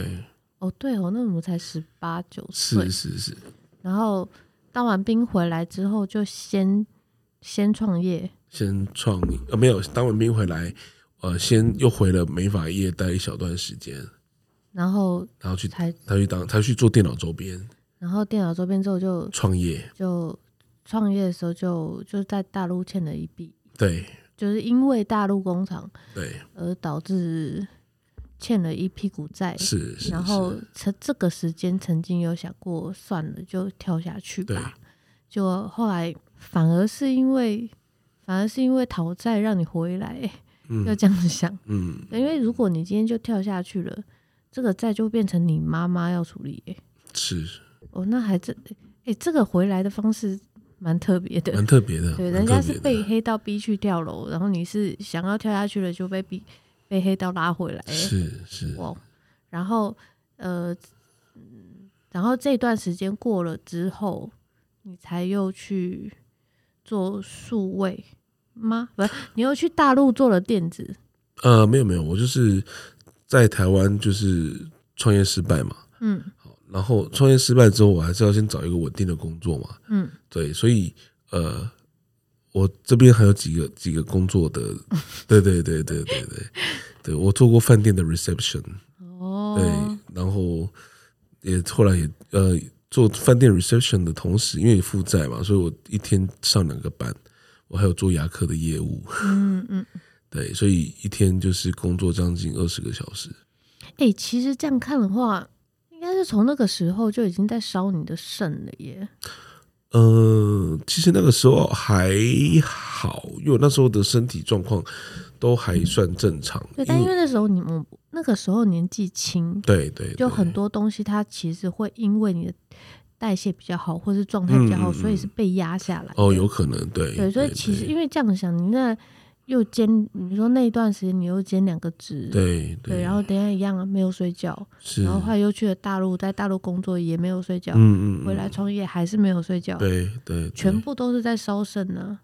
哦對哦，那我們才十八九歲，是是是。是然後當完兵回來之後，就先先創業，先創呃、啊、沒有當完兵回來，呃先又回了美髮業待一小段時間，然後然後去他他去當他去做電腦周邊，然後電腦周邊之後就創業，就創業的時候就就在大陸欠了一筆，對，就是因為大陸工廠對而導致。欠了一屁股債，是，是，然後從這個時間曾經有想過算了就跳下去吧，就後來反而是因為反而是因為討債讓你回來，要、嗯、這樣子想，嗯，因為如果你今天就跳下去了，這個債就變成你媽媽要處理、欸，是，哦，那還真，誒、欸，這個回來的方式蠻特別的，蠻特別的，對，人家是被黑道逼去跳樓，然後你是想要跳下去了就被逼。被黑道拉回來，是是 wow, 然後呃，然後這段時間過了之後，你才又去做數位嗎？不是，你又去大陸做了電子？呃，沒有沒有，我就是在台灣就是創業失敗嘛，嗯，好，然後創業失敗之後，我還是要先找一個穩定的工作嘛，嗯，對，所以呃。我這邊還有幾個幾個工作的，對對對對對對 [LAUGHS] 對，我做過飯店的 reception、哦、對，然後也後來也呃做飯店 reception 的同時，因為負債嘛，所以我一天上兩個班，我還有做牙科的業務，嗯嗯，對，所以一天就是工作將近二十個小時。哎、欸，其實這樣看的話，應該是從那個時候就已經在燒你的腎了耶。嗯、呃，其實那個時候還好，因為那時候的身體狀況都還算正常。嗯、對，但因為那時候你們，我、嗯、那個時候年紀輕，對對，對，就很多東西它其實會因為你的代謝比較好，或是狀態比較好、嗯，所以是被壓下來。哦，有可能，對。對，所以其實因為這樣子想，你那。又兼你說那一段時間你又兼兩個職，對對、對，然後等一下一樣啊，沒有睡覺是，然後後來又去了大陸，在大陸工作也沒有睡覺，嗯嗯，回來創業還是沒有睡覺，對對、對，全部都是在燒腎呢。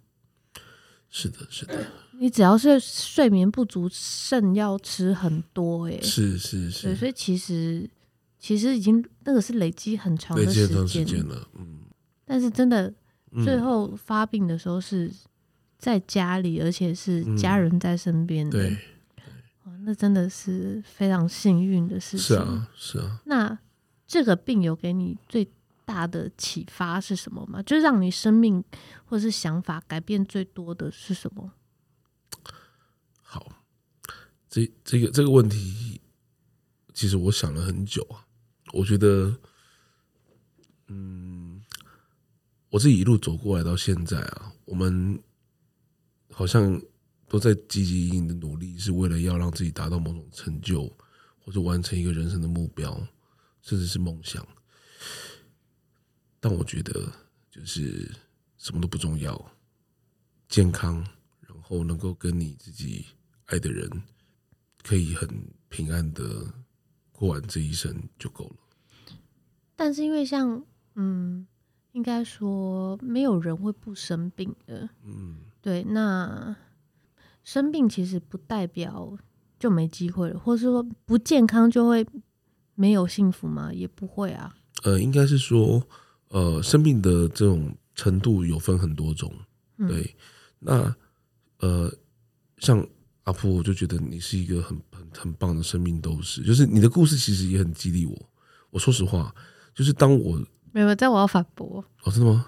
是的，是的，你只要是睡眠不足，腎要吃很多哎、欸，是是是，所以其實其實已經那個是累積很長的時間、時間了，嗯，但是真的最後發病的時候是。嗯在家裡，而且是家人在身邊。嗯，對，對。那真的是非常幸運的事情。是啊，是啊。那這個病有給你最大的啟發是什麼嗎？就是讓你生命或者是想法改變最多的是什麼？好，這這個這個問題，其實我想了很久啊。我覺得，嗯，我自己一路走過來到現在啊，我們。好像都在積極的努力，是為了要讓自己達到某種成就，或者完成一個人生的目標，甚至是夢想。但我覺得，就是什麼都不重要，健康，然後能夠跟你自己愛的人，可以很平安的過完這一生就夠了。但是，因為像嗯，應該說沒有人會不生病的。嗯。對，那生病其實不代表就沒機會了，或者是說不健康就會沒有幸福嗎？也不會啊。呃，應該是說，呃，生病的這種程度有分很多種。嗯、對，那呃，像阿璞，我就覺得你是一個很很很棒的生命鬥士，就是你的故事其實也很激勵我。我說實話，就是當我沒有沒有，但我要反駁。哦，真的嗎？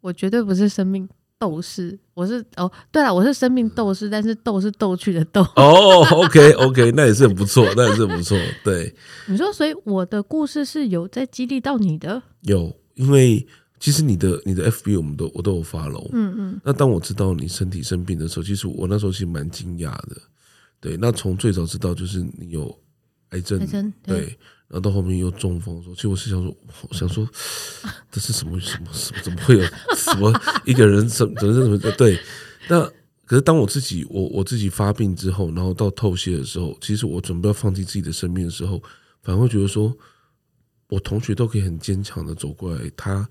我絕對不是生命。鬥士，我是哦，對了，我是生命鬥士，嗯、但是鬥是逗趣的逗。哦、oh，OK，OK，okay, okay, 那也是很不錯， [LAUGHS] 那也是很不錯。對，你說，所以我的故事是有在激勵到你的。有，因為其實你的你的 FB 我們都我都有 follow。嗯嗯。那當我知道你身體生病的時候，其實我那時候其實蠻驚訝的。對，那從最早知道就是你有癌症，癌症對。對然後到後面又中風，所以我其實我是想說，我想說這是什麼什麼什麼，怎麼會有什麼一個人怎怎怎麼，怎麼對？那可是當我自己我我自己發病之後，然後到透析的時候，其實我準備要放棄自己的生命的時候，反而會覺得說，我同學都可以很堅強的走過來，他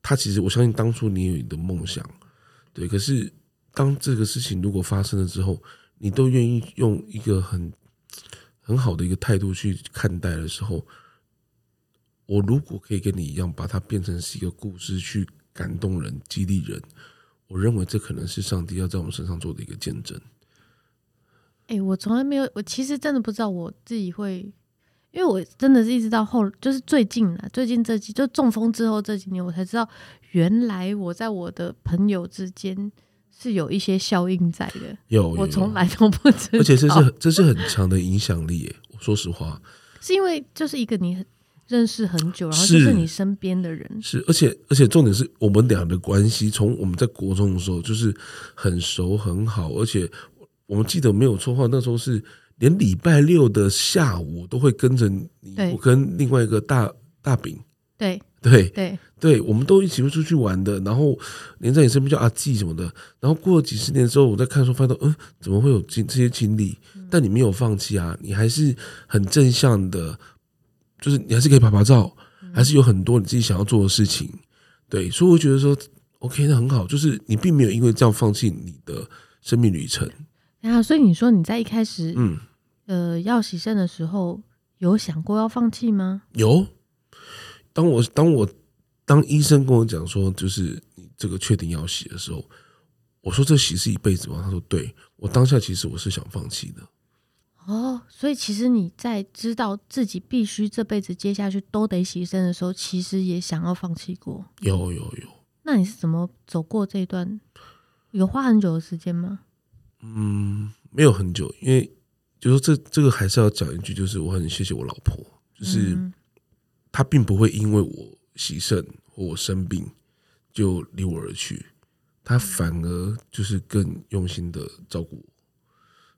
他其實我相信當初你有你的夢想，對，可是當這個事情如果發生了之後，你都願意用一個很。很好的一個態度去看待的時候，我如果可以跟你一樣，把它變成是一個故事去感動人、激勵人，我認為這可能是上帝要在我們身上做的一個見證。哎、欸，我從來沒有，我其實真的不知道我自己會，因為我真的是一直到後，就是最近了、啊，最近這幾，就中風之後這幾年，我才知道原來我在我的朋友之間。是有一些效應在的，有，有，有我從來都不知道，有有而且這是這是很強的影響力欸。我說實話，是因為就是一個你認識很久，然後就是你身邊的人，是，是而且而且重點是我們倆的關係，從我們在國中的時候就是很熟很好，而且我們記得沒有錯話，那時候是連禮拜六的下午都會跟着你，對，我跟另外一個大大餅。對對對。對，我們都一起會出去玩的。然後連在你身邊叫阿記什麼的。然後過了幾十年之後，我在看書，發現，嗯，怎麼會有這這些經歷，但你沒有放棄啊，你還是很正向的，就是你還是可以拍拍照，還是有很多你自己想要做的事情。對，所以我覺得說，OK，那很好，就是你並沒有因為這樣放棄你的生命旅程。啊，所以你說你在一開始，嗯，呃，要洗腎的時候，有想過要放棄嗎？有。當我，當我。當醫生跟我講說，就是你這個確定要洗的時候，我說這洗是一輩子嗎？他說：對。我當下其實我是想放棄的。哦，所以其實你在知道自己必須這輩子接下去都得洗腎的時候，其實也想要放棄過。有有有。那你是怎麼走過這一段？有花很久的時間嗎？嗯，沒有很久，因為就是這這個還是要講一句，就是我很謝謝我老婆，就是、嗯、她並不會因為我。洗腎，或我生病，就離我而去，他反而就是更用心的照顧我，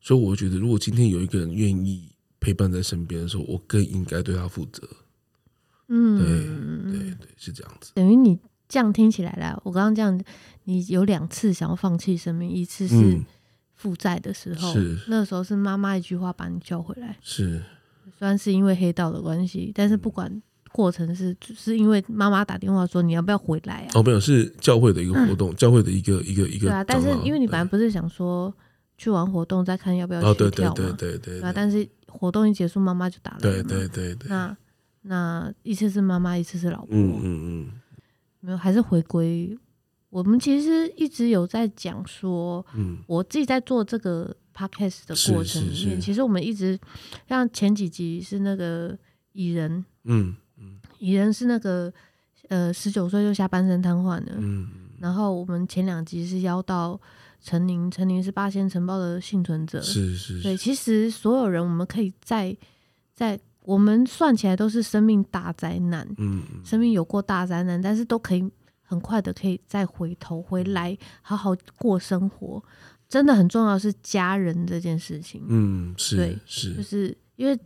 所以我覺得，如果今天有一個人願意陪伴在身邊的時候，我更應該對他負責。嗯，對對對，是這樣子。等於你這樣聽起來啦，我剛剛這樣，你有兩次想要放棄生命，一次是負債的時候，嗯、是那時候是媽媽一句話把你叫回來，是雖然是因為黑道的關係，但是不管、嗯。過程是，是因為媽媽打電話說你要不要回來啊？哦，沒有，是教會的一個活動，嗯、教會的一個一個一個。對啊，但是因為你本來不是想說去玩活動，再看要不要哦，對對對對對，對。對啊，但是活動一結束，媽媽就打來了。對對對，對，那那一次是媽媽，一次是老婆。嗯嗯嗯。沒、嗯、有，還是回歸。我們其實一直有在講說，嗯，我自己在做這個 podcast 的過程裡面，其實我們一直像前幾集是那個蟻人，嗯。蟻人是那個，呃，十九歲就下半身癱瘓的、嗯。然後我們前兩集是邀到陳寧，陳寧是八仙城堡的倖存者。是是。對，其實所有人，我們可以在在我們算起來都是生命大災難。嗯。生命有過大災難，但是都可以很快的可以再回頭回來，好好過生活。真的很重要是家人這件事情。嗯，是。對是。就是因為。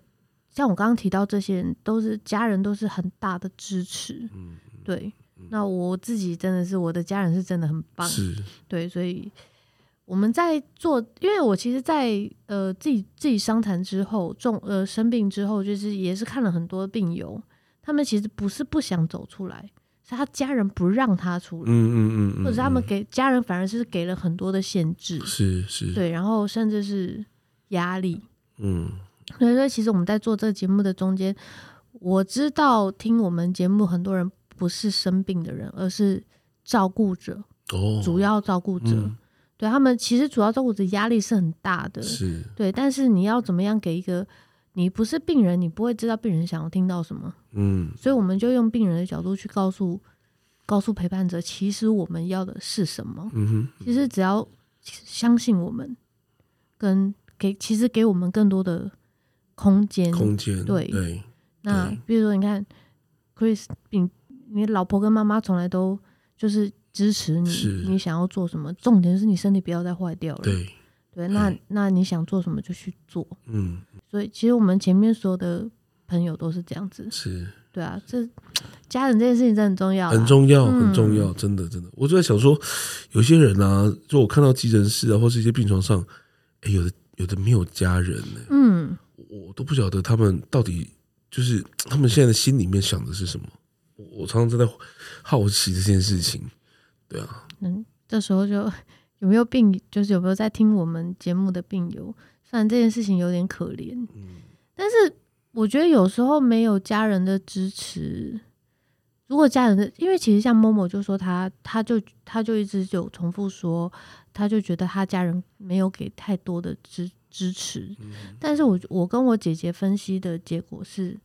像我剛剛提到，這些人都是家人，都是很大的支持。嗯、對、嗯。那我自己真的是，我的家人是真的很棒。對。所以我們在做，因為我其實在，在呃自己自己商談之後，重呃生病之後，就是也是看了很多病友，他們其實不是不想走出來，是他家人不讓他出來。嗯嗯嗯，嗯。或者他們給、嗯嗯、家人反而是給了很多的限制。是是。對，然後甚至是壓力。嗯。對所以說，其實我們在做這個節目的中間，我知道聽我們節目很多人不是生病的人，而是照顧者，哦、主要照顧者，嗯、對他們其實主要照顧者壓力是很大的，對。但是你要怎麼樣給一個，你不是病人，你不會知道病人想要聽到什麼，嗯。所以我們就用病人的角度去告訴、告訴陪伴者，其實我們要的是什麼？嗯哼，其實只要相信我們，跟給其實給我們更多的。空間，空間，對對。那對比如說，你看，Kris，你，你老婆跟媽媽從來都就是支持你，你想要做什麼？重點是你身體不要再壞掉了。對對，那、欸、那你想做什麼就去做。嗯，所以其實我們前面所有的朋友都是這樣子，是對啊。這家人這件事情真的很重要，啊，很重要，嗯，很重要，真的真的。我就在想說，有些人啊，就我看到急診室啊，或是一些病床上，欸、有的有的沒有家人呢，欸。嗯。我都不曉得他們到底就是他們現在的心裡面想的是什麼。我我常常正在好奇這件事情，對啊。嗯，這時候就有沒有病？就是有沒有在聽我們節目的病友？雖然這件事情有點可憐，嗯，但是我覺得有時候沒有家人的支持，如果家人的，因為其實像某某就說他，他就他就一直有重複說，他就覺得他家人沒有給太多的支持，支持，但是我我跟我姐姐分析的結果是，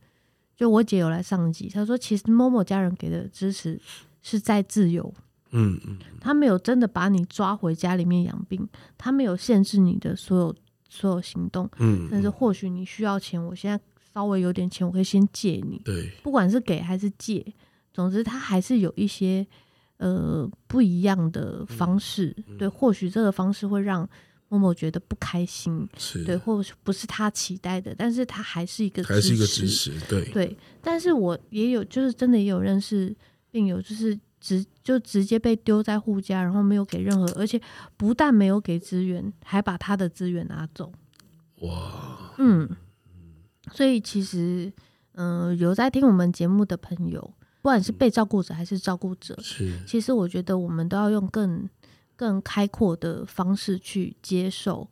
就我姐有來上集，她說其實某某家人給的支持是在自由，嗯嗯，他沒有真的把你抓回家裡面養病，他沒有限制你的所有所有行動，嗯，但是或許你需要錢，我現在稍微有點錢，我可以先借你，對，不管是給還是借，總之他還是有一些呃不一樣的方式、嗯嗯，對，或許這個方式會讓。默默覺得不開心，是對，或者是不是他期待的，但是他還是一個還是一個支持。對對。但是我也有，就是真的也有認識病友，就是直就直接被丟在護家，然後沒有給任何，而且不但沒有給資源，還把他的資源拿走。哇，嗯，所以其實，嗯、呃，有在聽我們節目的朋友，不管是被照顧者還是照顧者，嗯、其實我覺得我們都要用更。更開闊的方式去接受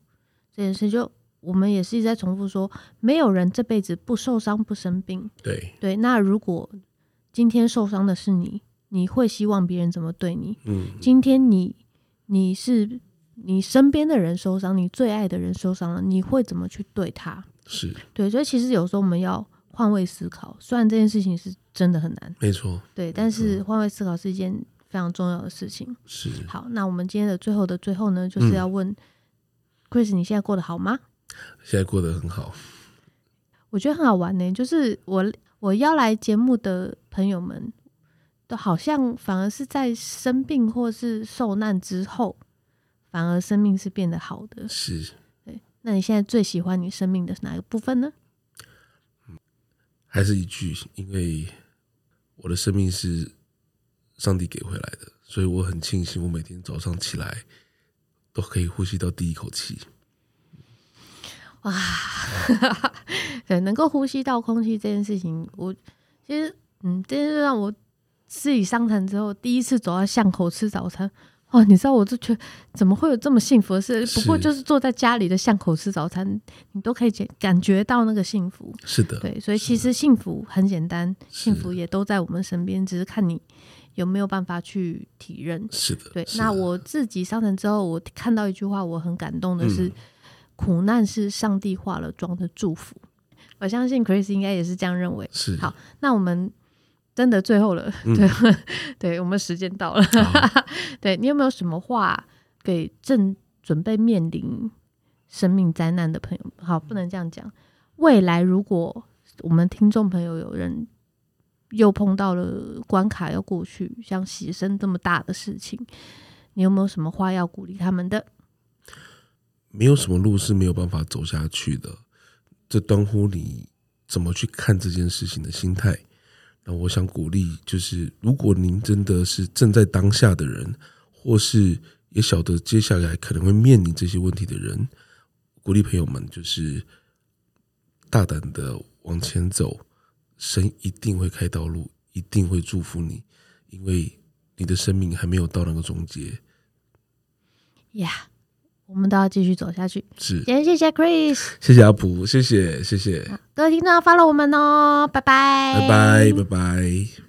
這件事，就我們也是一直在重複說，沒有人這輩子不受傷不生病。對對，那如果今天受傷的是你，你會希望別人怎麼對你？嗯，今天你你是你身邊的人受傷，你最愛的人受傷了，你會怎麼去對他？是對，所以其實有時候我們要換位思考，雖然這件事情是真的很難的，沒錯，對，但是換位思考是一件。非常重要的事情。是。好，那我們今天的最後的最後呢，就是要問、嗯、Kris，你現在過得好嗎？現在過得很好。我覺得很好玩呢，就是我我邀來節目的朋友們，都好像反而是在生病或是受難之後，反而生命是變得好的。是。對。那你現在最喜歡你生命的哪一個部分呢？還是一句，因為我的生命是。上帝給回來的，所以我很慶幸，我每天早上起來都可以呼吸到第一口氣。哇，哇 [LAUGHS] 對，能夠呼吸到空氣這件事情，我其實，嗯，這件事讓我自己傷殘之後第一次走到巷口吃早餐。哦，你知道，我就覺得怎麼會有這麼幸福的事？不過就是坐在家裡的巷口吃早餐，你都可以感感覺到那個幸福。是的，對，所以其實幸福很簡單，啊、幸福也都在我們身邊，只是看你。有沒有辦法去體認？是的，對。那我自己上成之後，我看到一句話，我很感動的是，嗯、苦難是上帝化了妝的祝福。我相信 Kris 應該也是這樣認為。是。好，那我們真的最後了，後、嗯、對, [LAUGHS] 對我們時間到了。 [LAUGHS] 對你有沒有什麼話給正準備面臨生命災難的朋友？好，不能這樣講。未來如果我們聽眾朋友有人。又碰到了關卡要過去，像洗腎這麼大的事情，你有沒有什麼話要鼓勵他們的？沒有什麼路是沒有辦法走下去的，這關乎你怎麼去看這件事情的心態。那我想鼓勵，就是如果您真的是正在當下的人，或是也曉得接下來可能會面臨這些問題的人，鼓勵朋友們就是大膽的往前走。神一定會開道路，一定會祝福你，因為你的生命還沒有到那個終結。呀、yeah，我們都要繼續走下去。謝謝 Kris，謝謝阿璞，謝謝謝謝、啊，各位聽眾要 follow 我們哦，拜拜，拜拜，拜拜。